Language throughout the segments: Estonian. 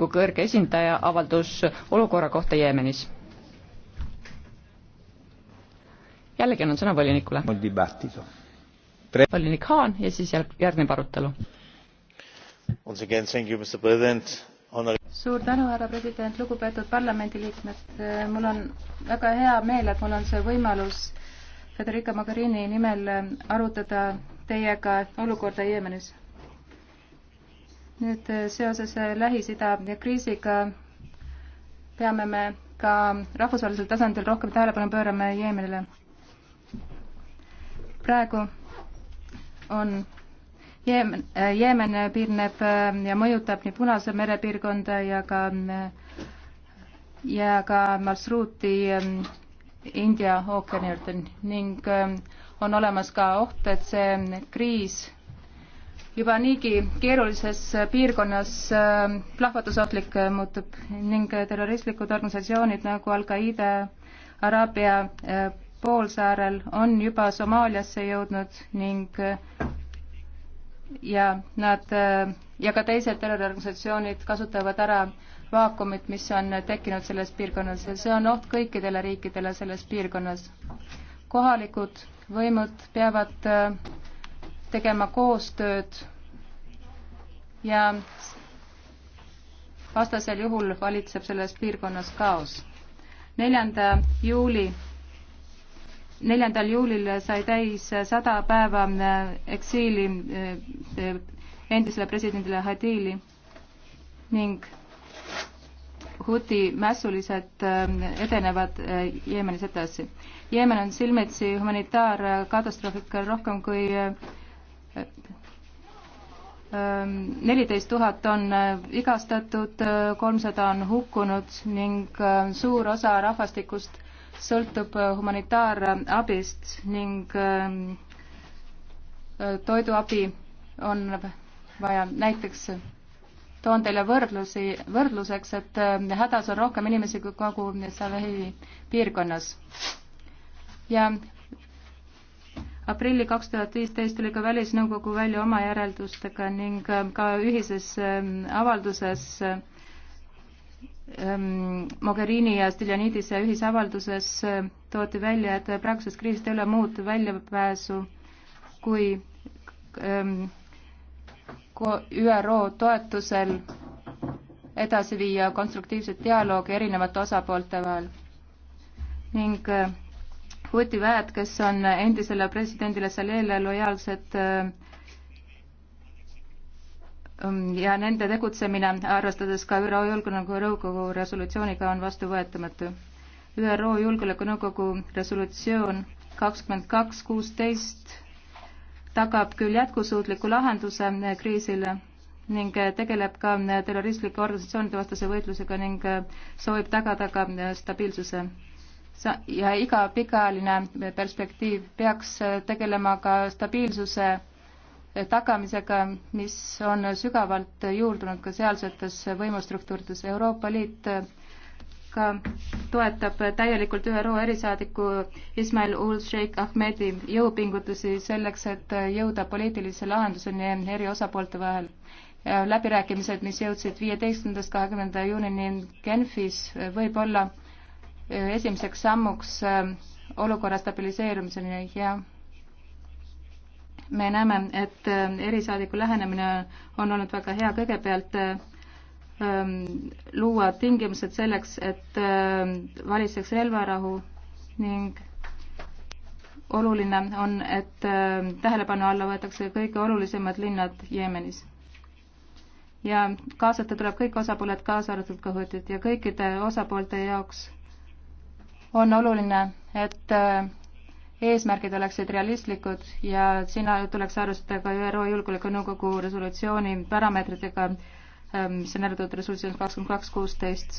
kui kõrge esindaja avaldus olukorra kohta Jeemenis. jällegi annan sõna volinikule. volinik Haan ja siis järg-, järgneb arutelu. suur tänu, härra president, lugupeetud parlamendiliikmed, mul on väga hea meel, et mul on see võimalus Federica Mogherini nimel arutada teiega olukorda Jeemenis nüüd äh, seoses äh, Lähis-Ida kriisiga peame me ka rahvusvahelisel tasandil rohkem tähelepanu pöörama Jeemenile. praegu on Jeemen, äh, Jeemen piirneb ja mõjutab nii Punase mere piirkonda ja ka, ja ka marsruuti India ookeani juurde ning on olemas ka oht, et see kriis juba niigi keerulises piirkonnas äh, plahvatusohtlik äh, muutub ning äh, terroristlikud organisatsioonid nagu Al-Qaeda Araabia poolsaarel on juba Somaaliasse jõudnud ning ja nad ja ka teised terroriorganisatsioonid kasutavad ära vaakumit, mis on tekkinud selles piirkonnas ja see on oht kõikidele riikidele selles piirkonnas. kohalikud võimud peavad tegema koostööd ja vastasel juhul valitseb selles piirkonnas kaos. neljanda juuli, neljandal juulil sai täis sada päeva äh, eksiili äh, endisele presidendile Hadili ning Huti mässulised äh, edenevad Jeemenis edasi. Jeemen on silmitsi humanitaarkatastroofiga rohkem kui Ehm, neliteist tuhat on äh, vigastatud, äh, kolmsada on hukkunud ning äh, suur osa rahvastikust sõltub humanitaarabist ning ähm, toiduabi on vaja näiteks toon teile võrdlusi, võrdluseks, et hädas on rohkem inimesi kui kogu Saheli piirkonnas. ja aprilli kaks tuhat viisteist tuli ka Välisnõukogu välja oma järeldustega ning ähm, ka ühises ähm, avalduses ähm, Mogherini ja Stiljanidise ühisavalduses toodi välja, et praeguses kriisis ei ole muud väljapääsu kui ÜRO toetusel edasi viia konstruktiivset dialoogi erinevate osapoolte vahel ning äh, vutiväed, kes on endisele presidendile Salele lojaalsed ähm, ja nende tegutsemine, arvestades ka ÜRO Julgeolekunõukogu resolutsiooniga, on vastuvõetamatu. ÜRO Julgeolekunõukogu resolutsioon kakskümmend kaks kuusteist tagab küll jätkusuutliku lahenduse kriisile ning tegeleb ka terroristlike organisatsioonide vastase võitlusega ning soovib tagada ka stabiilsuse ja iga pikaajaline perspektiiv peaks äh, tegelema ka stabiilsuse äh, tagamisega, mis on sügavalt juurdunud ka sealsetes võimustruktuurides. Euroopa Liit äh, ka toetab täielikult ÜRO erisaadiku Ismail ul-Sheikh Ahmedi jõupingutusi selleks, et jõuda poliitilise lahenduseni eri osapoolte vahel. läbirääkimised, mis jõudsid viieteistkümnendast kahekümnenda juunini Genfis, võib-olla esimeseks sammuks äh, olukorra stabiliseerumiseni ja me näeme, et äh, erisaadiku lähenemine on olnud väga hea, kõigepealt äh, ähm, luua tingimused selleks, et valitseks relvarahu ning oluline on, et tähelepanu alla võetakse kõige olulisemad linnad Jeemenis. ja kaasata tuleb kõik osapooled, kaasa arvatud ka Hutit ja kõikide osapoolte jaoks on oluline, et äh, eesmärgid oleksid realistlikud ja siin tuleks arvestada ka ÜRO Julgeolekunõukogu resolutsiooni parameetritega, mis ähm, on eraldatud resolutsioonis kakskümmend kaks kuusteist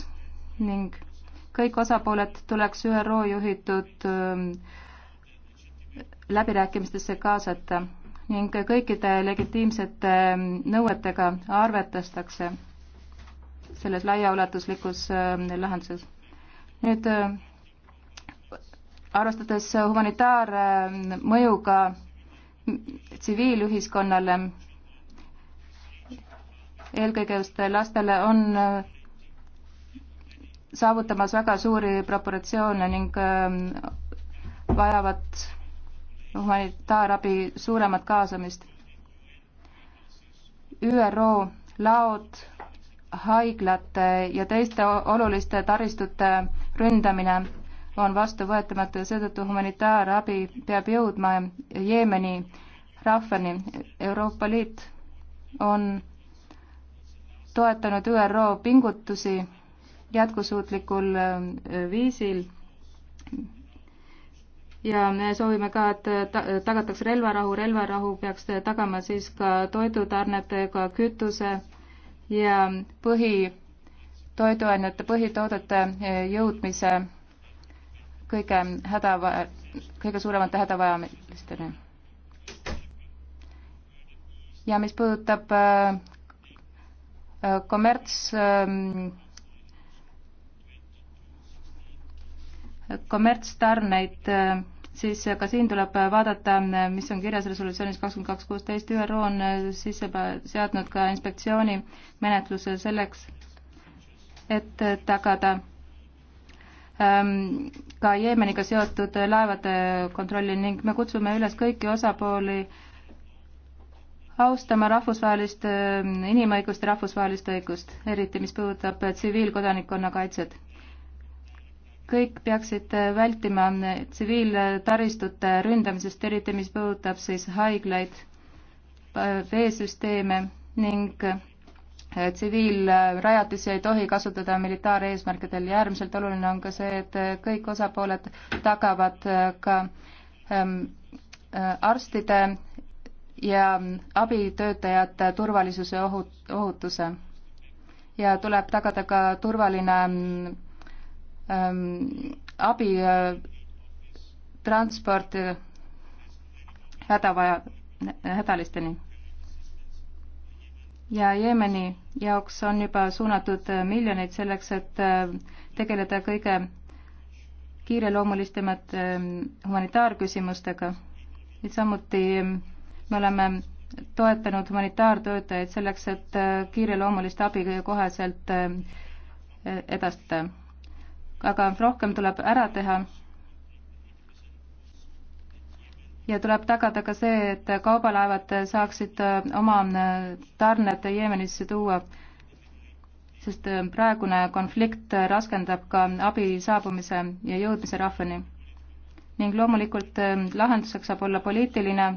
ning kõik osapooled tuleks ÜRO juhitud ähm, läbirääkimistesse kaasata ning kõikide legitiimsete ähm, nõuetega arvestatakse selles laiaulatuslikus lahenduses. nüüd äh, arvestades humanitaarmõjuga tsiviilühiskonnale, eelkõige just lastele, on saavutamas väga suuri proportsioone ning ähm, vajavad humanitaarabi suuremat kaasamist. ÜRO laod, haiglate ja teiste oluliste taristute ründamine on vastuvõetamatu ja seetõttu humanitaarabi peab jõudma Jeemeni rahvani. Euroopa Liit on toetanud ÜRO pingutusi jätkusuutlikul äh, viisil ja me soovime ka, et tagataks relvarahu, relvarahu peaks tagama siis ka toidutarnetega kütuse ja põhi, toiduainete põhitoodete äh, jõudmise kõige hädava-, kõige suuremate hädavajalistele. ja mis puudutab äh, kommerts ähm, kommertstarneid, äh, siis ka siin tuleb vaadata, mis on kirjas resolutsioonis kakskümmend kaks kuusteist, ÜRO on äh, sisse seadnud ka inspektsiooni menetluse selleks, et tagada Ähm, ka Jeemeniga seotud laevade kontrolli ning me kutsume üles kõiki osapooli austama rahvusvahelist ähm, inimõigust ja rahvusvahelist õigust, eriti mis puudutab tsiviilkodanikkonna kaitset. kõik peaksid äh, vältima äh, tsiviiltaristute ründamisest, eriti mis puudutab siis haiglaid, äh, veesüsteeme ning tsiviilrajatisi ei tohi kasutada militaareesmärkidel ja äärmiselt oluline on ka see, et kõik osapooled tagavad äh, ka ähm, äh, arstide ja abitöötajate turvalisuse ja ohut-, ohutuse. ja tuleb tagada ka turvaline ähm, abi äh,, transport äh, hädavaja, hädalisteni ja Jeemeni jaoks on juba suunatud miljoneid selleks, et äh, tegeleda kõige kiireloomulistemate ähm, humanitaarküsimustega. et samuti ähm, me oleme toetanud humanitaartöötajaid selleks, et äh, kiireloomulist abi koheselt äh, edastada. aga rohkem tuleb ära teha ja tuleb tagada ka see, et kaubalaevad saaksid äh, oma äh, tarned Jeemenisse tuua, sest äh, praegune konflikt raskendab ka abi saabumise ja jõudmise rahvani. ning loomulikult lahenduseks saab olla poliitiline,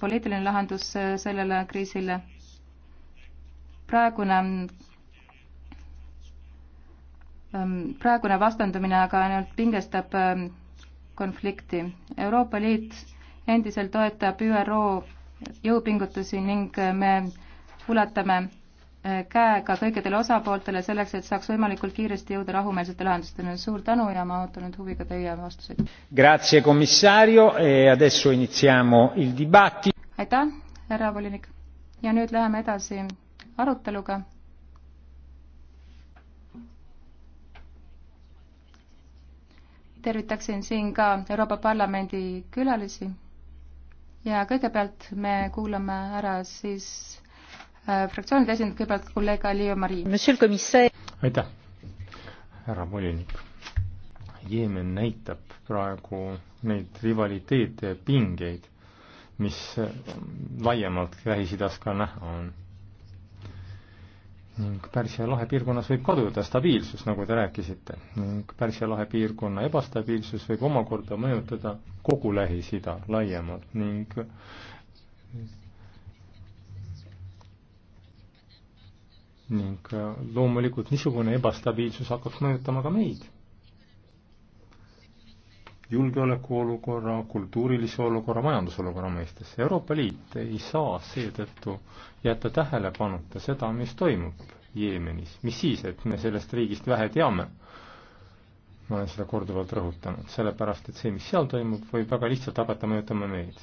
poliitiline lahendus sellele kriisile. praegune ähm, praegune vastandumine aga ainult pingestab ähm, konflikti. Euroopa Liit endiselt toetab ÜRO jõupingutusi ning äh, me ulatame äh, käega kõikidele osapooltele selleks, et saaks võimalikult kiiresti jõuda rahumeelsete lahendusteni. suur tänu ja ma ootan nüüd huviga teie vastuseid. Grazie, commissario e, adesso iniziamo il dibatti. aitäh, härra volinik. ja nüüd läheme edasi aruteluga. tervitaksin siin ka Euroopa Parlamendi külalisi ja kõigepealt me kuulame ära siis äh, fraktsioonide esindajad, kõigepealt kolleeg Alio Mari. aitäh, härra volinik. Jeemen näitab praegu neid rivaliteete ja pingeid, mis laiemalt Lähis-Idas ka näha on ning Pärsia lahe piirkonnas võib kaduda stabiilsus, nagu te rääkisite, ning Pärsia lahe piirkonna ebastabiilsus võib omakorda mõjutada kogu Lähis-Ida laiemalt ning ning äh, loomulikult niisugune ebastabiilsus hakkaks mõjutama ka meid julgeolekuolukorra, kultuurilise olukorra, majandusolukorra mõistes. Euroopa Liit ei saa seetõttu jätta tähelepanuta seda, mis toimub Jeemenis, mis siis, et me sellest riigist vähe teame. ma olen seda korduvalt rõhutanud, sellepärast et see, mis seal toimub, võib väga lihtsalt hakata mõjutama meid.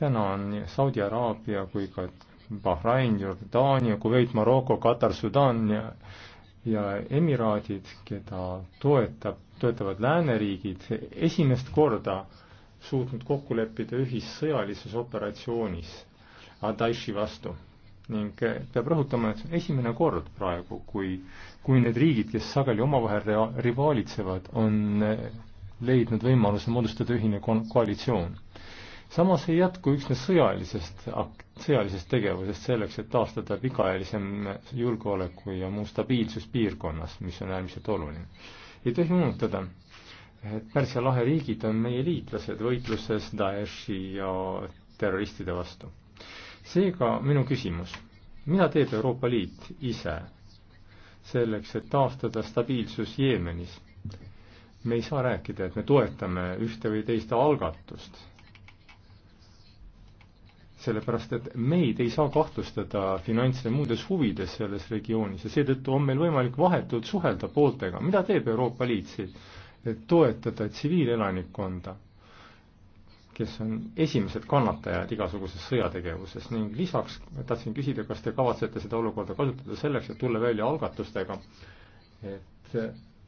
täna on nii Saudi Araabia kui ka Bahrain, Jordaania, Kuveit, Maroko, Katar, Sudaan ja ja emiraadid, keda toetab, toetavad lääneriigid, esimest korda suutnud kokku leppida ühissõjalises operatsioonis Adaishi vastu. ning eh, peab rõhutama, et see on esimene kord praegu, kui, kui need riigid, kes sageli omavahel rea-, rivaalitsevad, on eh, leidnud võimaluse moodustada ühine kon-, koalitsioon samas ei jätku üksnes sõjalisest, sõjalisest tegevusest selleks, et taastada pikaajalisem julgeoleku ja muu stabiilsus piirkonnas, mis on äärmiselt oluline. ei tohi unustada, et Pärsia lahe riigid on meie liitlased võitluses Daeshi ja terroristide vastu. seega minu küsimus, mida teeb Euroopa Liit ise selleks, et taastada stabiilsus Jeemenis? me ei saa rääkida, et me toetame ühte või teist algatust sellepärast et meid ei saa kahtlustada finants- ja muudes huvides selles regioonis ja seetõttu on meil võimalik vahetult suhelda pooltega, mida teeb Euroopa Liit siin, et toetada tsiviilelanikkonda, kes on esimesed kannatajad igasuguses sõjategevuses ning lisaks tahtsin küsida, kas te kavatsete seda olukorda kasutada selleks, et tulla välja algatustega, et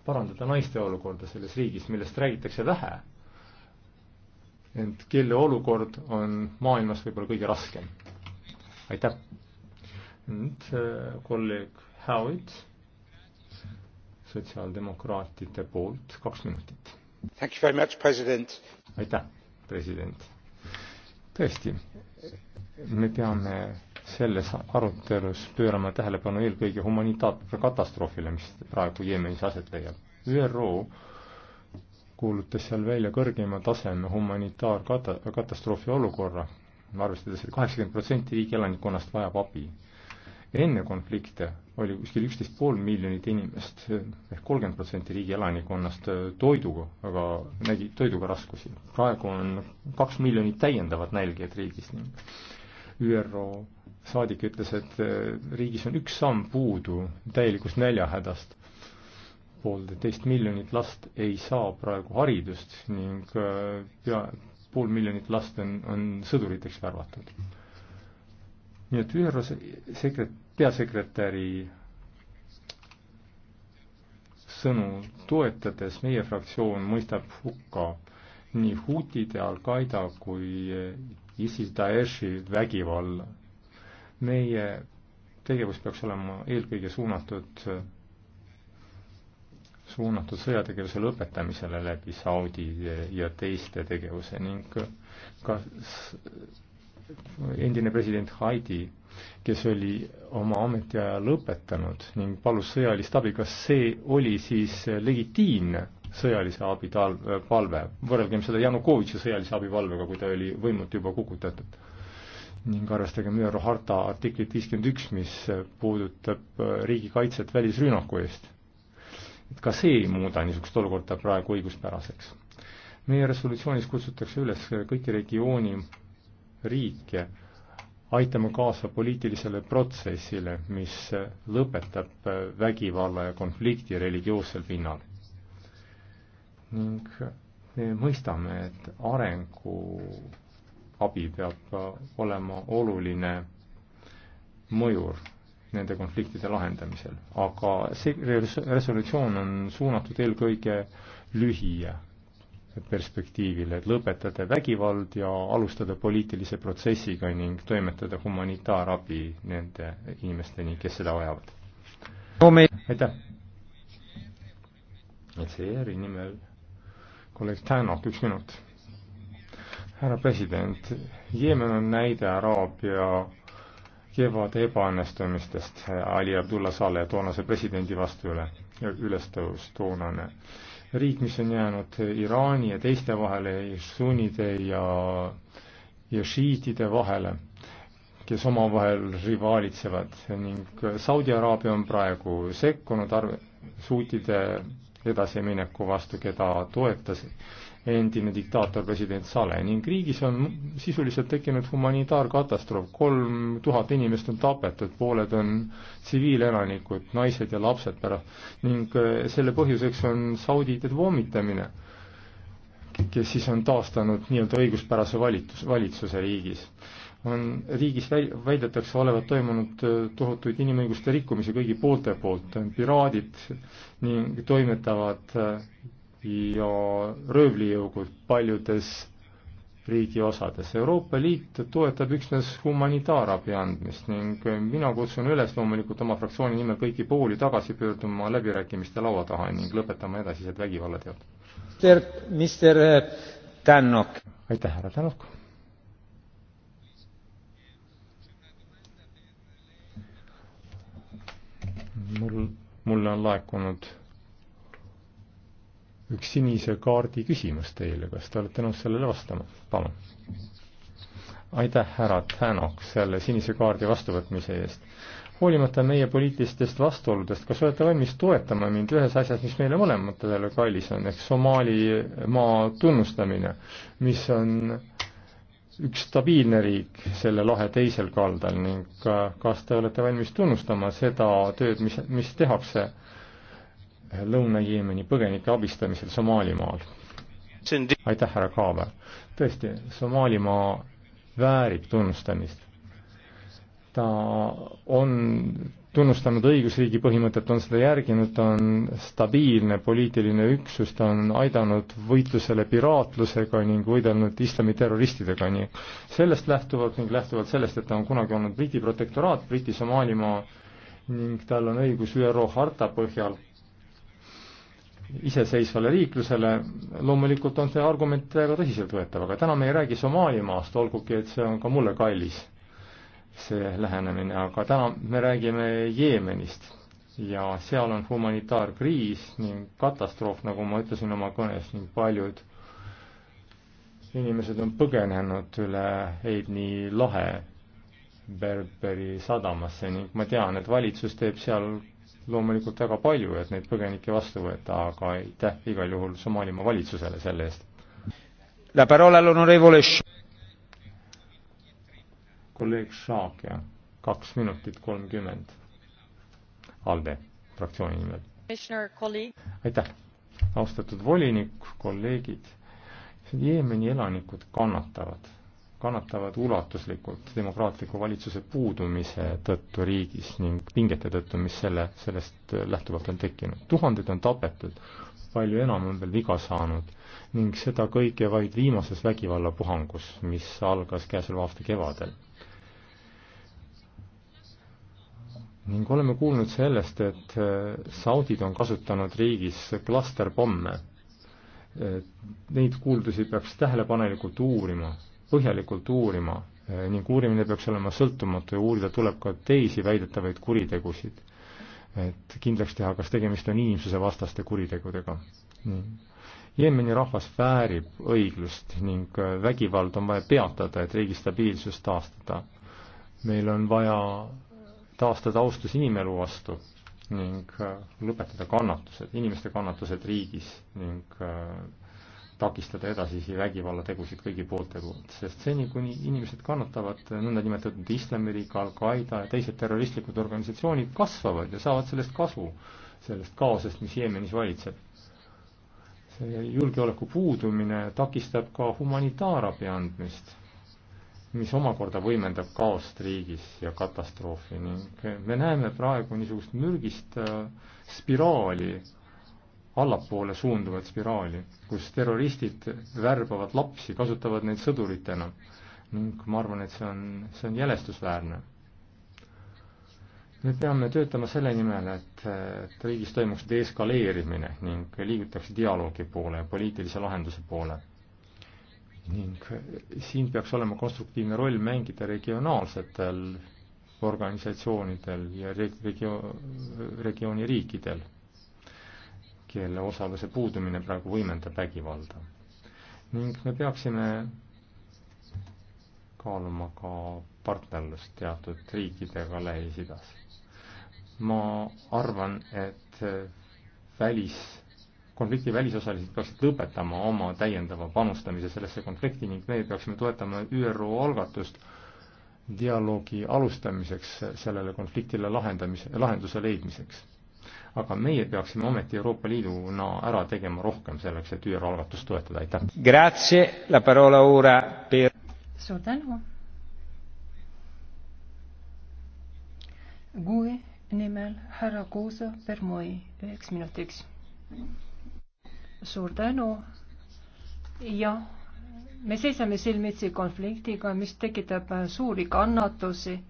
parandada naiste olukorda selles riigis, millest räägitakse vähe ent kelle olukord on maailmas võib-olla kõige raskem. aitäh! nüüd äh, kolleeg Howitt sotsiaaldemokraatide poolt kaks minutit. aitäh, president! tõesti, me peame selles arutelus pöörama tähelepanu eelkõige humanitaarkatastroofile, mis praegu Jeemenis aset leiab. ÜRO kuulutas seal välja kõrgema taseme humanitaarkatastroofi olukorra, arvestades et, et kaheksakümmend protsenti riigi elanikkonnast vajab abi. enne konflikte oli kuskil üksteist pool miljonit inimest ehk kolmkümmend protsenti riigi elanikkonnast toiduga, aga nägi toiduga raskusi. praegu on kaks miljonit täiendavat nälgijat riigis. ÜRO saadik ütles, et riigis on üks samm puudu täielikust näljahädast poolteist miljonit last ei saa praegu haridust ning äh, pea pool miljonit last on, on sõduriteks värvatud. nii et ÜRO sekret-, peasekretäri sõnu toetades meie fraktsioon mõistab hukka nii huutide, Al-Qaeda kui äh, ISIS Daeshi vägivalla. meie tegevus peaks olema eelkõige suunatud äh, suunatud sõjategevuse lõpetamisele läbi Saudi ja teiste tegevuse ning ka endine president Haidi, kes oli oma ametiaja lõpetanud ning palus sõjalist abi, kas see oli siis legitiimne sõjalise abi tal-, palve, võrrelgem seda Janukovitši sõjalise abi palvega, kui ta oli võimult juba kukutatud. ning arvestagem ÜRO harta artiklit viiskümmend üks, mis puudutab riigikaitset välisrünnaku eest ka see ei muuda niisugust olukorda praegu õiguspäraseks. meie resolutsioonis kutsutakse üles kõiki regiooni riike aitama kaasa poliitilisele protsessile, mis lõpetab vägivalla ja konflikti religioossel pinnal. ning me mõistame, et arenguabi peab olema oluline mõjur nende konfliktide lahendamisel. aga see resolutsioon on suunatud eelkõige lühia perspektiivile, et lõpetada vägivald ja alustada poliitilise protsessiga ning toimetada humanitaarabi nende inimesteni, kes seda vajavad. no me aitäh! ECR-i nimel kolleeg Tänak, üks minut. härra president, Jeemen on näide Araabia kevade ebaõnnestumistest Ali Abdullah Saleh toonase presidendi vastu üle, üles tõus toonane riik, mis on jäänud Iraani ja teiste vahele, sunnide ja, ja šiitide vahele, kes omavahel rivaalitsevad ning Saudi Araabia on praegu sekkunud arv-, suutide edasimineku vastu, keda toetasid endine diktaator president Saleh ning riigis on sisuliselt tekkinud humanitaarkatastroof, kolm tuhat inimest on tapetud, pooled on tsiviilelanikud, naised ja lapsed pärast ning eh, selle põhjuseks on saudiide vommitamine, kes siis on taastanud nii-öelda õiguspärase valitsus, valitsuse riigis on riigis väi-, väidetakse olevat toimunud eh, tohutuid inimõiguste rikkumisi kõigi poolte poolt, piraadid ning toimetavad eh, ja röövlijõugud paljudes riigi osades. Euroopa Liit toetab üksnes humanitaarabi andmist ning mina kutsun üles loomulikult oma fraktsiooni nimel kõiki pooli tagasi pöörduma läbirääkimiste laua taha ning lõpetama edasised vägivallateod. minister eh, Tännok. aitäh, härra Tännok. mul, mulle on laekunud üks sinise kaardi küsimus teile, kas te olete nõus sellele vastama? palun. aitäh, härra Tänok, selle sinise kaardi vastuvõtmise eest. hoolimata meie poliitilistest vastuoludest, kas olete valmis toetama mind ühes asjas, mis meile mõlematele kallis on, ehk Somaalimaa tunnustamine, mis on üks stabiilne riik selle lahe teisel kaldal ning kas te olete valmis tunnustama seda tööd, mis, mis tehakse äh, Lõuna-Jeemeni põgenike abistamisel Somaalimaal. aitäh, härra Kaaber. tõesti, Somaalimaa väärib tunnustamist. ta on tunnustanud õigusriigi põhimõtet, on seda järginud, ta on stabiilne poliitiline üksus, ta on aidanud võitlusele piraatlusega ning võidelnud islamiterroristidega, nii sellest lähtuvalt ning lähtuvalt sellest, et ta on kunagi olnud Briti protektoraat, Briti Somaalimaa ning tal on õigus ÜRO harta põhjal iseseisvale riiklusele, loomulikult on see argument väga tõsiseltvõetav, aga täna me ei räägi Somaalimaast, olgugi et see on ka mulle kallis, see lähenemine, aga täna me räägime Jeemenist ja seal on humanitaarkriis ning katastroof, nagu ma ütlesin oma kõnes, ning paljud inimesed on põgenenud üle Heidni lahe Berberi sadamasse ning ma tean, et valitsus teeb seal loomulikult väga palju, et neid põgenikke vastu võtta, aga aitäh igal juhul Somaalimaa valitsusele selle eest. La parola all'onorevole kolleeg Šaak ja kaks minutit kolmkümmend ALDE fraktsiooni nimel. aitäh, austatud volinik, kolleegid, Jeemeni elanikud kannatavad kannatavad ulatuslikult demokraatliku valitsuse puudumise tõttu riigis ning pingete tõttu, mis selle, sellest lähtuvalt on tekkinud. tuhanded on tapetud, palju enam on veel viga saanud ning seda kõike vaid viimases vägivallapuhangus, mis algas käesoleva aasta kevadel. ning oleme kuulnud sellest, et äh, saudid on kasutanud riigis klasterpomme. Äh, neid kuuldusi peaks tähelepanelikult uurima põhjalikult uurima eh, ning uurimine peaks olema sõltumatu ja uurida tuleb ka teisi väidetavaid kuritegusid. et kindlaks teha, kas tegemist on inimsusevastaste kuritegudega. Jeemeni rahvas väärib õiglust ning eh, vägivald on vaja peatada, et riigi stabiilsust taastada. meil on vaja taastada austus inimelu vastu ning eh, lõpetada kannatused, inimeste kannatused riigis ning takistada edasisi vägivallategusid kõigi poolte poolt, sest seni, kuni inimesed kannatavad, nõndanimetatud Islamiriik, Al-Qaeda ja teised terroristlikud organisatsioonid kasvavad ja saavad sellest kasu, sellest kaosest, mis Jeemenis valitseb. see julgeoleku puudumine takistab ka humanitaarabi andmist, mis omakorda võimendab kaost riigis ja katastroofi ning me näeme praegu niisugust mürgist äh, spiraali allapoole suunduvat spiraali, kus terroristid värbavad lapsi, kasutavad neid sõduritena ning ma arvan, et see on, see on jälestusväärne. me peame töötama selle nimel, et, et riigis toimuks deeskaleerimine ning liigutakse dialoogi poole ja poliitilise lahenduse poole. ning siin peaks olema konstruktiivne roll mängida regionaalsetel organisatsioonidel ja regio-, regiooni riikidel kelle osaluse puudumine praegu võimendab vägivalda. ning me peaksime kaaluma ka partnerlust teatud riikidega Lähis-Idas. ma arvan, et välis, konflikti välisosalised peaksid lõpetama oma täiendava panustamise sellesse konflikti ning meie peaksime toetama ÜRO algatust dialoogi alustamiseks sellele konfliktile lahendamise, lahenduse leidmiseks aga meie peaksime ometi Euroopa Liiduna ära tegema rohkem selleks, et ÜRO algatust toetada, aitäh! suur tänu! GUE nimel härra Kuusa Permoi üheks minutiks. suur tänu. jah, me seisame silmitsi konfliktiga, mis tekitab suuri kannatusi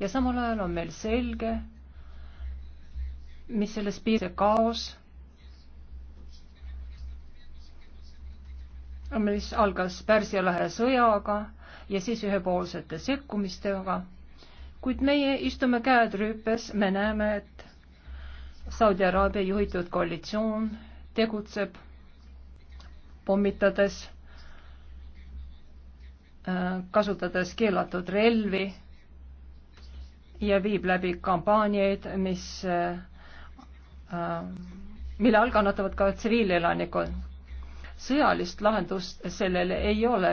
ja samal ajal on meil selge, mis selles piir-, kaos, mis algas Pärsia lahe sõjaga ja siis ühepoolsete sekkumistega, kuid meie istume käed rüüpes, me näeme, et Saudi Araabia juhitud koalitsioon tegutseb pommitades, äh, kasutades keelatud relvi ja viib läbi kampaaniaid, mis äh, Äh, mille all kannatavad ka tsiviilelanikud. sõjalist lahendust sellele ei ole.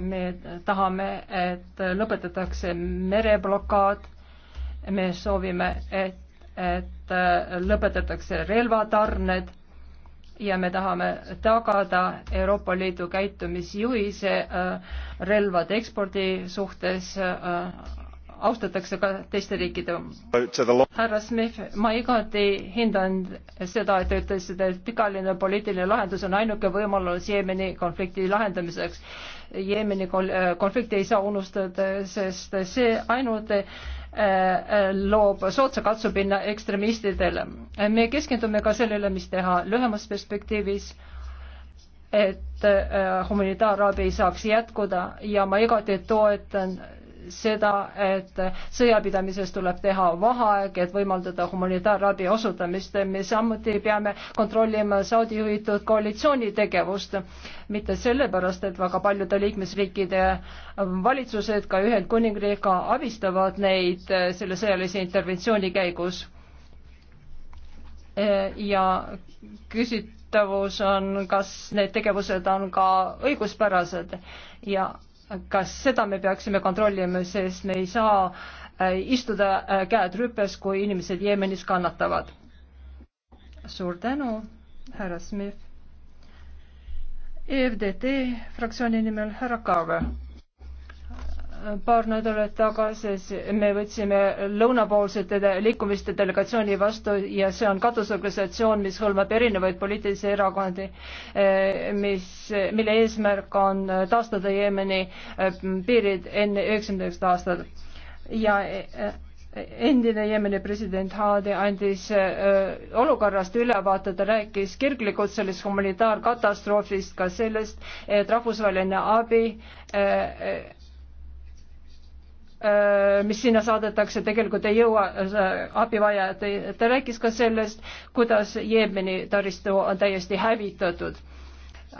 me tahame, et lõpetatakse mereblokaad. me soovime, et, et äh, lõpetatakse relvatarned ja me tahame tagada Euroopa Liidu käitumisjuhise äh, relvade ekspordi suhtes austatakse ka teiste riikide. härra Smith, ma igati hindan seda, et te ütlesite, et pikaajaline poliitiline lahendus on ainuke võimalus Jeemeni konflikti lahendamiseks. Jeemeni äh, konflikti ei saa unustada, sest see ainult äh, äh, loob soodsa katsupinna ekstremistidele. me keskendume ka sellele, mis teha lühemas perspektiivis et humanitaarabi saaks jätkuda ja ma igati toetan seda, et sõjapidamises tuleb teha vaheaeg, et võimaldada humanitaarabi osutamist. me samuti peame kontrollima Saudi juhitud koalitsiooni tegevust, mitte sellepärast, et väga paljude liikmesriikide valitsused, ka Ühendkuningriik abistavad neid selle sõjalise interventsiooni käigus. ja küsitavus on, kas need tegevused on ka õiguspärased ja kas seda me peaksime kontrollima, sest me ei saa äh, istuda äh, käed rüpes, kui inimesed Jeemenis kannatavad. suur tänu, härra Smith. EFDT fraktsiooni nimel härra Carver paar nädalat tagasi me võtsime lõunapoolsete liikumiste delegatsiooni vastu ja see on katusorganisatsioon, mis hõlmab erinevaid poliitilisi erakondi, eh, mis, mille eesmärk on taastada Jeemeni eh, piirid enne üheksakümnendast aastat ja eh, endine Jeemeni president Haadi andis äh, olukorrast ülevaate, ta rääkis kirglikult sellest humanitaarkatastroofist, ka sellest, et rahvusvaheline abi äh, Äh, mis sinna saadetakse, tegelikult ei jõua äh, abivajajate. ta rääkis ka sellest, kuidas Jeemeni taristu on täiesti hävitatud.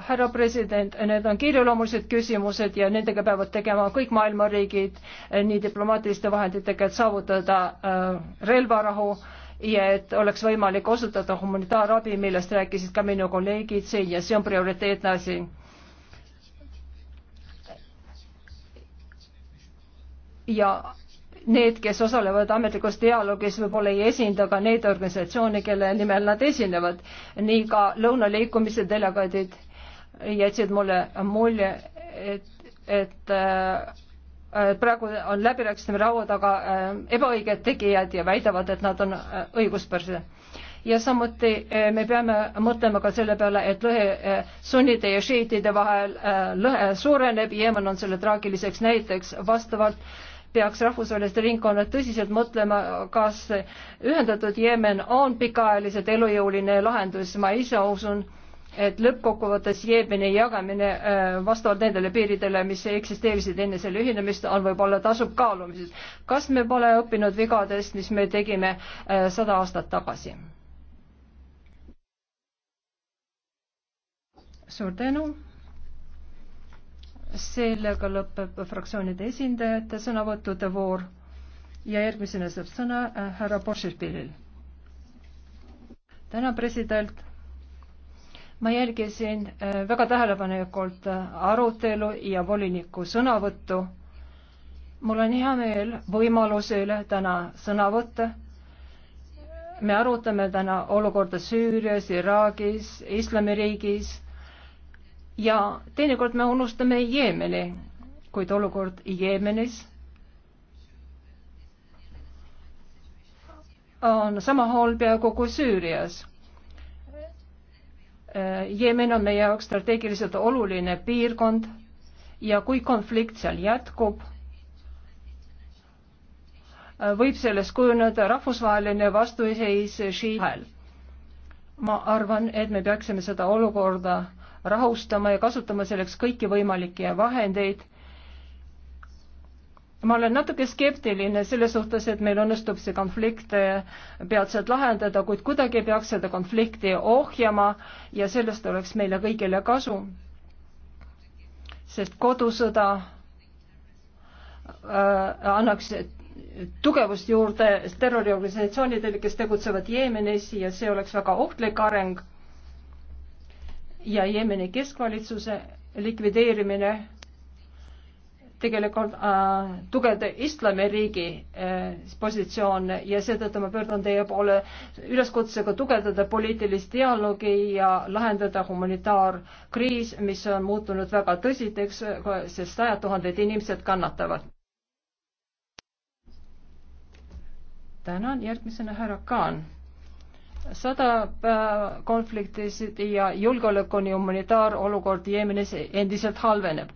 härra president, need on kiireloomulised küsimused ja nendega peavad tegema kõik maailma riigid äh, nii diplomaatiliste vahenditega, et saavutada relvarahu ja et oleks võimalik osutada humanitaarabi, millest rääkisid ka minu kolleegid siin ja see on prioriteetne asi ja need, kes osalevad ametlikus dialoogis, võib-olla ei esinda ka neid organisatsioone, kelle nimel nad esinevad. nii ka lõunaliikumise delegaadid jätsid mulle mulje, et, et äh, praegu on läbirääkimiste laua taga äh, ebaõiged tegijad ja väidavad, et nad on äh, õiguspärased. ja samuti me peame mõtlema ka selle peale, et lõhe sunnide ja šiitide vahel lõhe suureneb, Jeeman on selle traagiliseks näiteks, vastavalt peaks rahvusvahelised ringkonnad tõsiselt mõtlema, kas ühendatud Jeemen on pikaajaliselt elujõuline lahendus, ma ise usun, et lõppkokkuvõttes Jeemeni jagamine äh, vastavalt nendele piiridele, mis eksisteerisid enne selle ühinemist, on võib-olla tasub kaalumises. kas me pole õppinud vigadest, mis me tegime äh, sada aastat tagasi? suur tänu sellega lõpeb fraktsioonide esindajate sõnavõttude voor ja järgmisena saab sõna äh, härra Boršerpilil. täna president, ma jälgisin äh, väga tähelepanelikult äh, arutelu ja voliniku sõnavõttu. mul on hea meel võimaluse üle täna sõna võtta me arutame täna olukorda Süürias, Iraagis, Islamiriigis ja teinekord me unustame Jeemeni, kuid olukord Jeemenis on sama hool peaaegu kui Süürias. Jeemen on meie jaoks strateegiliselt oluline piirkond ja kui konflikt seal jätkub, võib sellest kujuneda rahvusvaheline vastuseis Shiihal. ma arvan, et me peaksime seda olukorda rahustama ja kasutama selleks kõiki võimalikke vahendeid. ma olen natuke skeptiline selles suhtes, et meil õnnestub see konflikt peatselt lahendada, kuid kuidagi peaks seda konflikti ohjama ja sellest oleks meile kõigile kasu. sest kodusõda äh, annaks tugevust juurde terroriorganisatsioonidele, kes tegutsevad Jeemenis ja see oleks väga ohtlik areng ja Jeemeni keskvalitsuse likvideerimine tegelikult äh, tugevda islamiriigi äh, positsioone ja seetõttu ma pöördun teie poole üleskutsega tugevdada poliitilist dialoogi ja lahendada humanitaarkriis, mis on muutunud väga tõsiteks, sest sajad tuhanded inimesed kannatavad. tänan, järgmisena härra Kaan sõda äh, konfliktis ja julgeolekuni humanitaarolukord Jeemenis endiselt halveneb.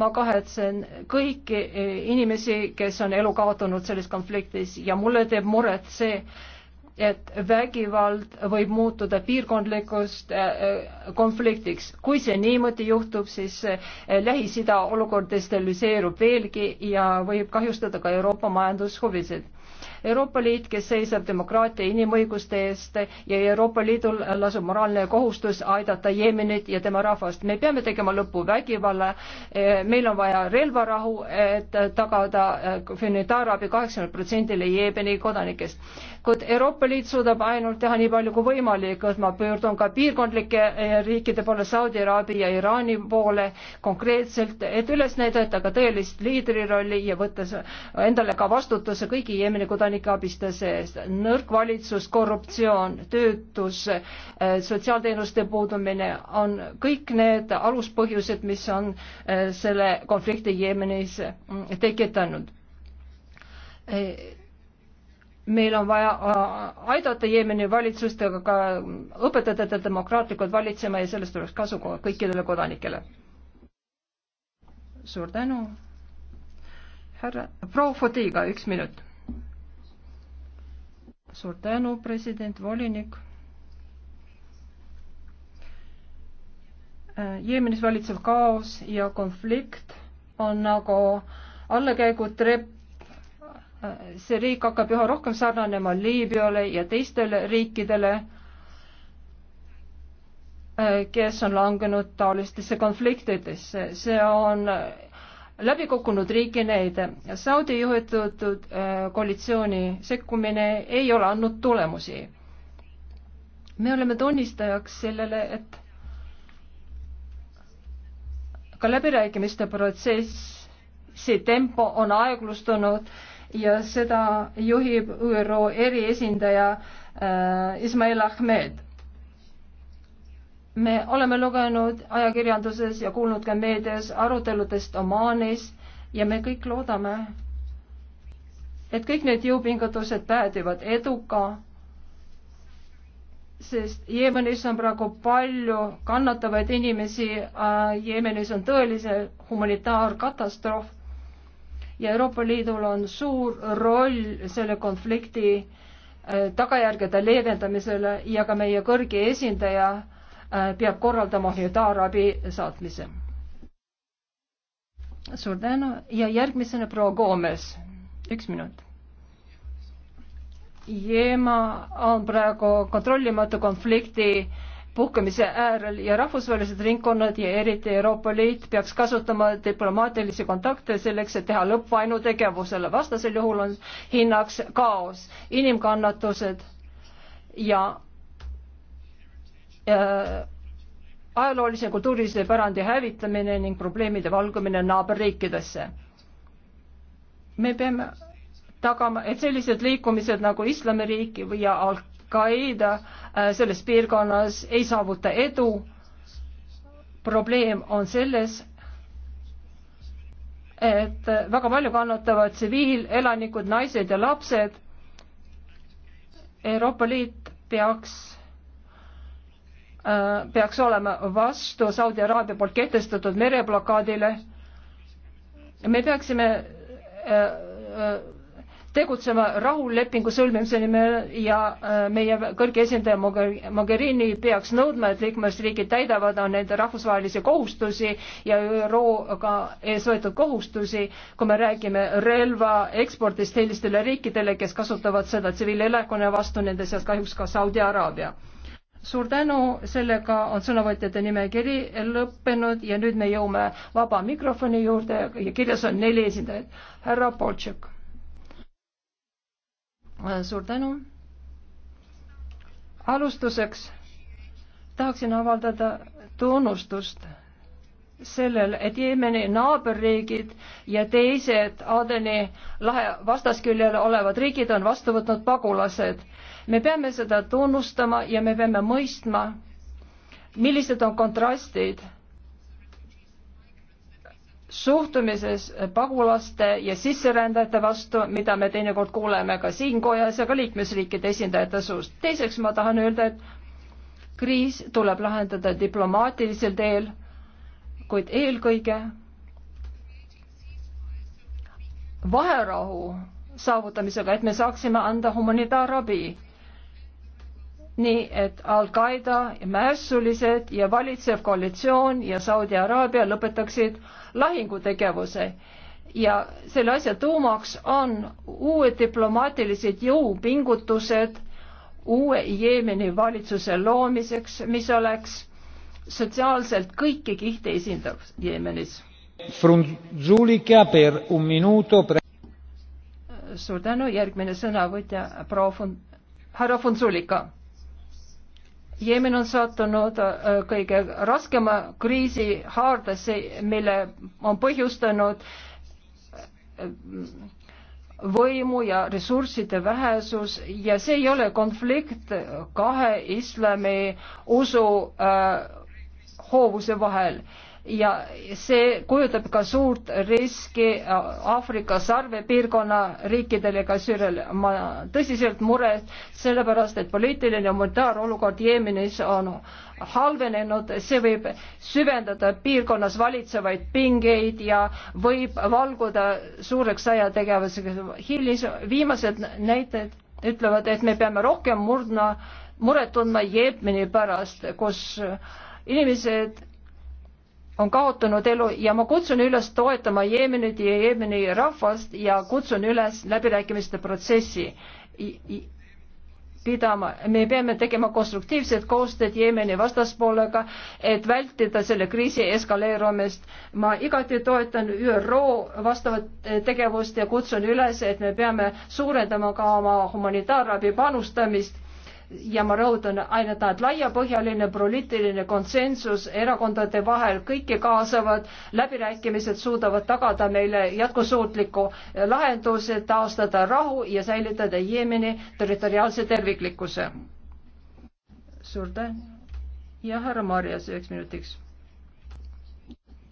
ma kahetsen kõiki äh, inimesi, kes on elu kaotanud selles konfliktis ja mulle teeb muret see, et vägivald võib muutuda piirkondlikust äh, konfliktiks. kui see niimoodi juhtub, siis Lähis-Ida olukord destabiliseerub veelgi ja võib kahjustada ka Euroopa majandushuvisid Euroopa Liit, kes seisab demokraatia ja inimõiguste eest ja Euroopa Liidul lasub moraalne kohustus aidata Jeemenit ja tema rahvast. me peame tegema lõpu vägivalla, eh, meil on vaja relvarahu, et tagada eh, humanitaarabi kaheksakümnele protsendile Jeemeni kodanikest. kuid Euroopa Liit suudab ainult teha nii palju kui võimalik, ma pöördun ka piirkondlike eh, riikide poole, Saudi Araabia ja Iraani poole konkreetselt, et üles näidata ka tõelist liidrirolli ja võtta endale ka vastutuse kõigi Jeemeni kodanike kodanike abistuse eest, nõrk valitsus, korruptsioon, töötus, eh, sotsiaalteenuste puudumine on kõik need aluspõhjused, mis on eh, selle konflikti Jeemenis mm, tekitanud eh, meil on vaja aidata Jeemeni valitsust, aga ka mm, õpetada teda demokraatlikult valitsema ja sellest oleks kasu kõikidele kodanikele. suur tänu. härra, proua Fotiga, üks minut suur tänu, president, volinik. Äh, Jeemenis valitsev kaos ja konflikt on nagu allakäigutrepp. Äh, see riik hakkab üha rohkem sarnanema Liibüale ja teistele riikidele, äh, kes on langenud taolistesse konfliktidesse. see on läbikukkunud riigi näide. Saudi juhitud äh, koalitsiooni sekkumine ei ole andnud tulemusi. me oleme tunnistajaks sellele, et ka läbirääkimiste protsessi tempo on aeglustunud ja seda juhib ÜRO eriesindaja äh, Ismail Ahmed me oleme lugenud ajakirjanduses ja kuulnud ka meedias aruteludest Omaanis ja me kõik loodame, et kõik need jõupingutused päädivad eduka, sest Jeemenis on praegu palju kannatavaid inimesi, äh, Jeemenis on tõelise humanitaarkatastroof ja Euroopa Liidul on suur roll selle konflikti äh, tagajärgede leevendamisele ja ka meie kõrge esindaja äh, Äh, peab korraldama humanitaarabi saatmise. suur tänu ja järgmisena proua Koomes, üks minut. Jeema on praegu kontrollimatu konflikti puhkemise äärel ja rahvusvahelised ringkonnad ja eriti Euroopa Liit peaks kasutama diplomaatilisi kontakte selleks, et teha lõpp vaenutegevusele, vastasel juhul on hinnaks kaos, inimkannatused ja ajaloolise ja kultuurilise pärandi hävitamine ning probleemide valgumine naaberriikidesse. me peame tagama, et sellised liikumised nagu Islamiriik ja Al-Qaeda äh, selles piirkonnas ei saavuta edu. probleem on selles, et väga palju kannatavad tsiviilelanikud, naised ja lapsed. Euroopa Liit peaks Äh, peaks olema vastu Saudi Araabia poolt kehtestatud mereblokaadile. me peaksime äh, äh, tegutsema rahulepingu sõlmimise nimel ja meie kõrge esindaja Mogherini peaks nõudma, et liikmesriigid täidavad nende rahvusvahelisi kohustusi ja ÜRO-ga ees võetud kohustusi, kui me räägime relva ekspordist sellistele riikidele, kes kasutavad seda tsiviilelakonna vastu, nende seas kahjuks ka Saudi Araabia suur tänu, sellega on sõnavõtjate nimekiri lõppenud ja nüüd me jõuame vaba mikrofoni juurde ja kirjas on neli esindajat. härra Poltšuk. suur tänu. alustuseks tahaksin avaldada tunnustust sellel, et Jeemeni naaberriigid ja teised Aadeni lahe vastasküljel olevad riigid on vastu võtnud pagulased. me peame seda tunnustama ja me peame mõistma, millised on kontrastid suhtumises pagulaste ja sisserändajate vastu, mida me teinekord kuuleme ka siin kojas ja ka liikmesriikide esindajate suust. teiseks ma tahan öelda, et kriis tuleb lahendada diplomaatilisel teel kuid eelkõige vaherahu saavutamisega, et me saaksime anda humanitaarabi. nii et Al-Qaeda, mässulised ja valitsev koalitsioon ja Saudi Araabia lõpetaksid lahingutegevuse ja selle asja tuumaks on uued diplomaatilised jõupingutused uue Jeemeni valitsuse loomiseks, mis oleks sotsiaalselt kõiki kihte esindaks Jeemenis. suur tänu, järgmine sõnavõtja proua Fun-, härra Funzulika. Jeemen on sattunud äh, kõige raskema kriisi haardesse, mille on põhjustanud äh, võimu ja ressursside vähesus ja see ei ole konflikt kahe islami usu äh, hoovuse vahel ja see kujutab ka suurt riski äh, Aafrika sarvepiirkonna riikidele ka Süüriale. ma tõsiselt mures, sellepärast et poliitiline ja monetaarolukord Jeemenis on halvenenud, see võib süvendada piirkonnas valitsevaid pingeid ja võib valguda suureks sõjategevusega. hilis-, viimased näited ütlevad, et me peame rohkem murdma, muret tundma Jeemeni pärast, kus äh, inimesed on kaotanud elu ja ma kutsun üles toetama Jeemenit ja Jeemeni rahvast ja kutsun üles läbirääkimiste protsessi pidama, me peame tegema konstruktiivset koostööd Jeemeni vastaspoolega, et vältida selle kriisi eskaleerumist. ma igati toetan ÜRO vastavat eh, tegevust ja kutsun üles, et me peame suurendama ka oma humanitaarabi panustamist ja ma rõhutan aina tahad laiapõhjaline poliitiline konsensus erakondade vahel, kõiki kaasavad, läbirääkimised suudavad tagada meile jätkusuutliku lahenduse, taastada rahu ja säilitada Jeemeni territoriaalse terviklikkuse. suur tänu ja härra Marjas üheks minutiks.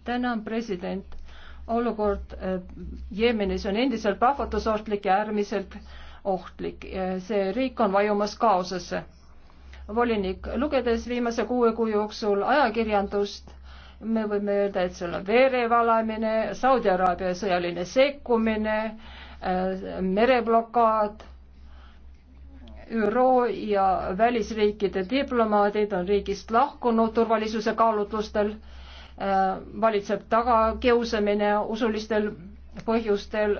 tänan, president. olukord äh, Jeemenis on endiselt plahvatusohtlik ja äärmiselt äh, ohtlik. see riik on vajumas kaosesse. volinik, lugedes viimase kuue kuu jooksul ajakirjandust, me võime öelda, et seal on verevalamine, Saudi Araabia sõjaline sekkumine, äh, mereblokaad, ÜRO ja välisriikide diplomaadid on riigist lahkunud turvalisuse kaalutlustel, äh, valitseb tagakiusamine usulistel põhjustel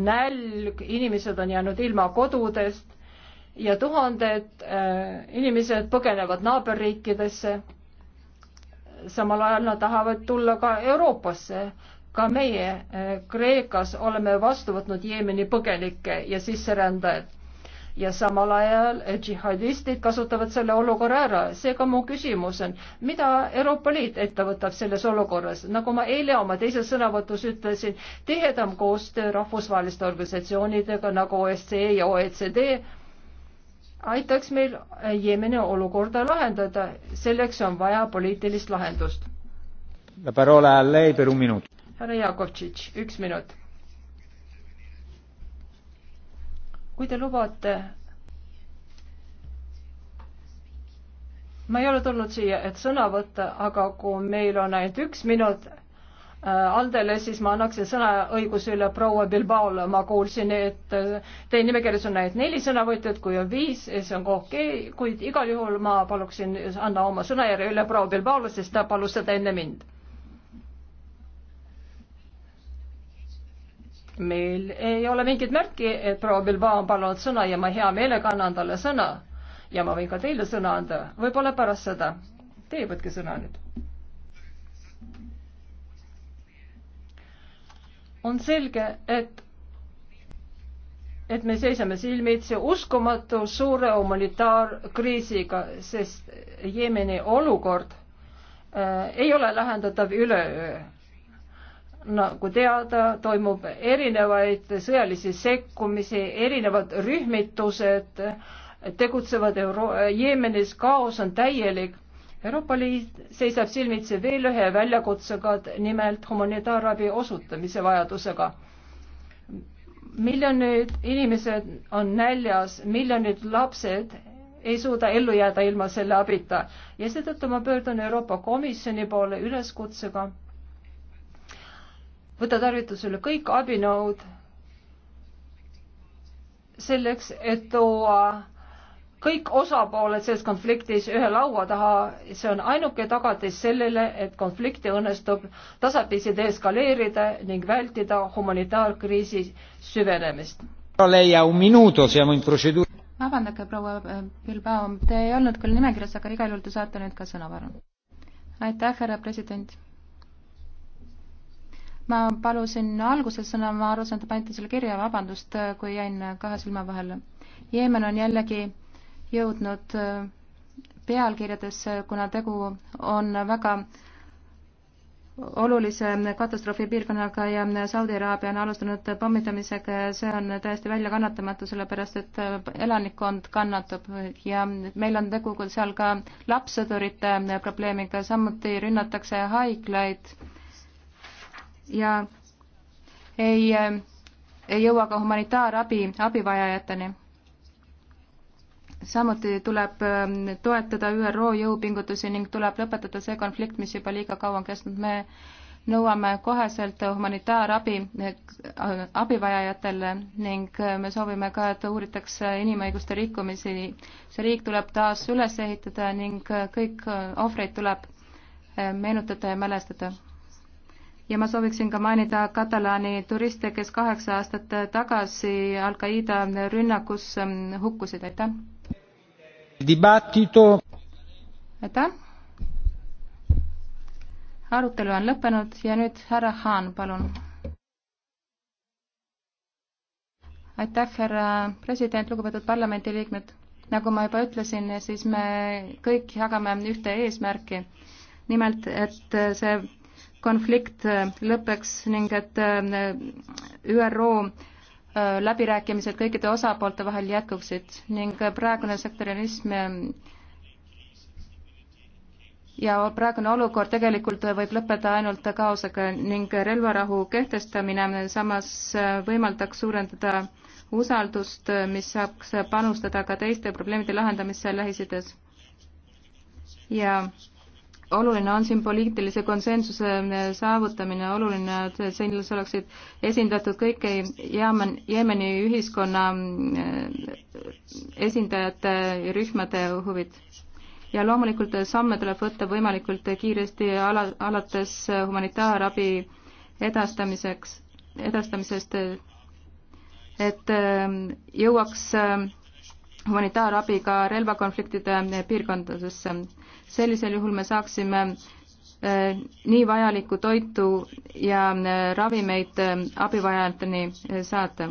nälg, inimesed on jäänud ilma kodudest ja tuhanded äh, inimesed põgenevad naaberriikidesse. samal ajal nad tahavad tulla ka Euroopasse. ka meie äh, Kreekas oleme vastu võtnud Jeemeni põgenikke ja sisserändajad ja samal ajal džihadistid kasutavad selle olukorra ära. seega mu küsimus on, mida Euroopa Liit ette võtab selles olukorras? nagu ma eile oma teises sõnavõtus ütlesin, tihedam koostöö rahvusvaheliste organisatsioonidega nagu OSCE ja OECD aitaks meil Jeemeni olukorda lahendada. selleks on vaja poliitilist lahendust. härra Jakovtšitš, üks minut kui te lubate, ma ei ole tulnud siia, et sõna võtta, aga kui meil on ainult üks minut äh, Aldele, siis ma annaksin sõnaõiguse üle proua Bilbaole, ma kuulsin, et äh, teie nimekirjas on ainult neli sõnavõtjat, kui on viis, siis on okei okay., kuid igal juhul ma paluksin anda oma sõnajärje üle proua Bilbaole, sest ta palus seda enne mind meil ei ole mingit märki, et proua Bilbao on palunud sõna ja ma hea meelega annan talle sõna. ja ma võin ka teile sõna anda, võib-olla pärast seda. Teie võtke sõna nüüd. on selge, et, et me seisame silmitsi uskumatu suure humanitaarkriisiga, sest Jeemeni olukord äh, ei ole lahendatav üleöö nagu teada, toimub erinevaid sõjalisi sekkumisi, erinevad rühmitused tegutsevad Euro-, Jeemenis, kaos on täielik. Euroopa Liit seisab silmitsi veel ühe väljakutsega, nimelt humanitaarabi osutamise vajadusega. miljonid inimesed on näljas, miljonid lapsed ei suuda ellu jääda ilma selle abita ja seetõttu ma pöördun Euroopa Komisjoni poole üleskutsega võtta tarvitusele kõik abinõud selleks, et tuua kõik osapooled selles konfliktis ühe laua taha, see on ainuke tagatis sellele, et konflikti õnnestub tasapisi deeskaleerida ning vältida humanitaarkriisi süvenemist. vabandage, proua äh, Bilbao, te ei olnud küll nimekirjas, aga igal juhul te saate nüüd ka sõna, palun. aitäh, härra president ma palusin alguses sõna, ma aru saan, et te panite selle kirja, vabandust, kui jäin kahe silma vahele. Jeemen on jällegi jõudnud äh, pealkirjadesse, kuna tegu on väga olulise katastroofipiirkonnaga ja Saudi Araabia on alustanud pommitamisega ja see on täiesti väljakannatamatu, sellepärast et äh, elanikkond kannatab ja meil on tegu seal ka lapssõdurite äh, probleemiga, samuti rünnatakse haiglaid ja ei, ei jõua ka humanitaarabi abivajajateni. samuti tuleb ähm, toetada ÜRO jõupingutusi ning tuleb lõpetada see konflikt, mis juba liiga kaua on kestnud. me nõuame koheselt humanitaarabi äh, abivajajatele ning äh, me soovime ka, et uuritakse inimõiguste rikkumisi. see riik tuleb taas üles ehitada ning äh, kõik ohvreid tuleb meenutada ja mälestada ja ma sooviksin ka mainida katalaani turiste, kes kaheksa aastat tagasi Al-Qaeda rünnakus ähm, hukkusid, aitäh! aitäh! arutelu on lõppenud ja nüüd härra Haan, palun. aitäh, härra president, lugupeetud parlamendiliikmed. nagu ma juba ütlesin, siis me kõik jagame ühte eesmärki. nimelt, et see konflikt äh, lõpeks ning et äh, ÜRO äh, läbirääkimised kõikide osapoolte vahel jätkuksid ning praegune sektorialism ja praegune olukord tegelikult võib lõppeda ainult kaosega ning relvarahu kehtestamine samas võimaldaks suurendada usaldust, mis saaks panustada ka teiste probleemide lahendamisse Lähis-Idas. ja oluline on siin poliitilise konsensuse äh, saavutamine, oluline, et selles oleksid esindatud kõik Jeemen, Jeemeni ühiskonna äh, esindajate ja rühmade huvid. ja loomulikult samme tuleb võtta võimalikult kiiresti ala, alates humanitaarabi edastamiseks, edastamisest, et ähm, jõuaks äh, humanitaarabi ka relvakonfliktide piirkondadesse sellisel juhul me saaksime äh, nii vajalikku toitu ja äh, ravimeid äh, abivajajateni saata.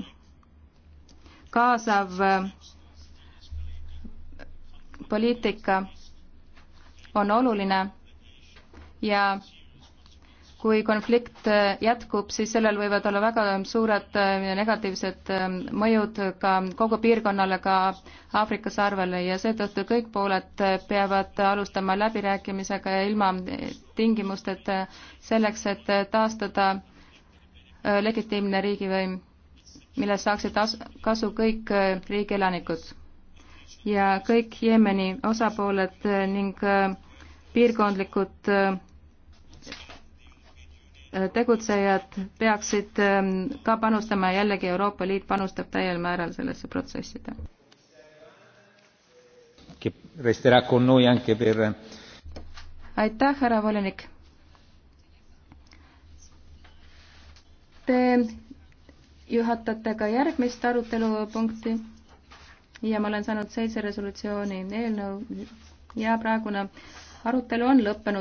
kaasav poliitika on oluline ja kui konflikt äh, jätkub, siis sellel võivad olla väga suured äh, negatiivsed ähm, mõjud ka kogu piirkonnale, ka Aafrika sarvele ja seetõttu kõik pooled äh, peavad alustama läbirääkimisega ja ilma tingimusteta selleks, et taastada legitiimne riigivõim, millest saaksid kasu kõik riigi elanikud ja kõik Jeemeni osapooled ning piirkondlikud tegutsejad peaksid ähm, ka panustama ja jällegi Euroopa Liit panustab täiel määral sellesse protsessi. Eh, aitäh, härra volinik. Te juhatate ka järgmist arutelupunkti ja ma olen saanud seitse resolutsiooni eelnõu ja praegune arutelu on lõppenud.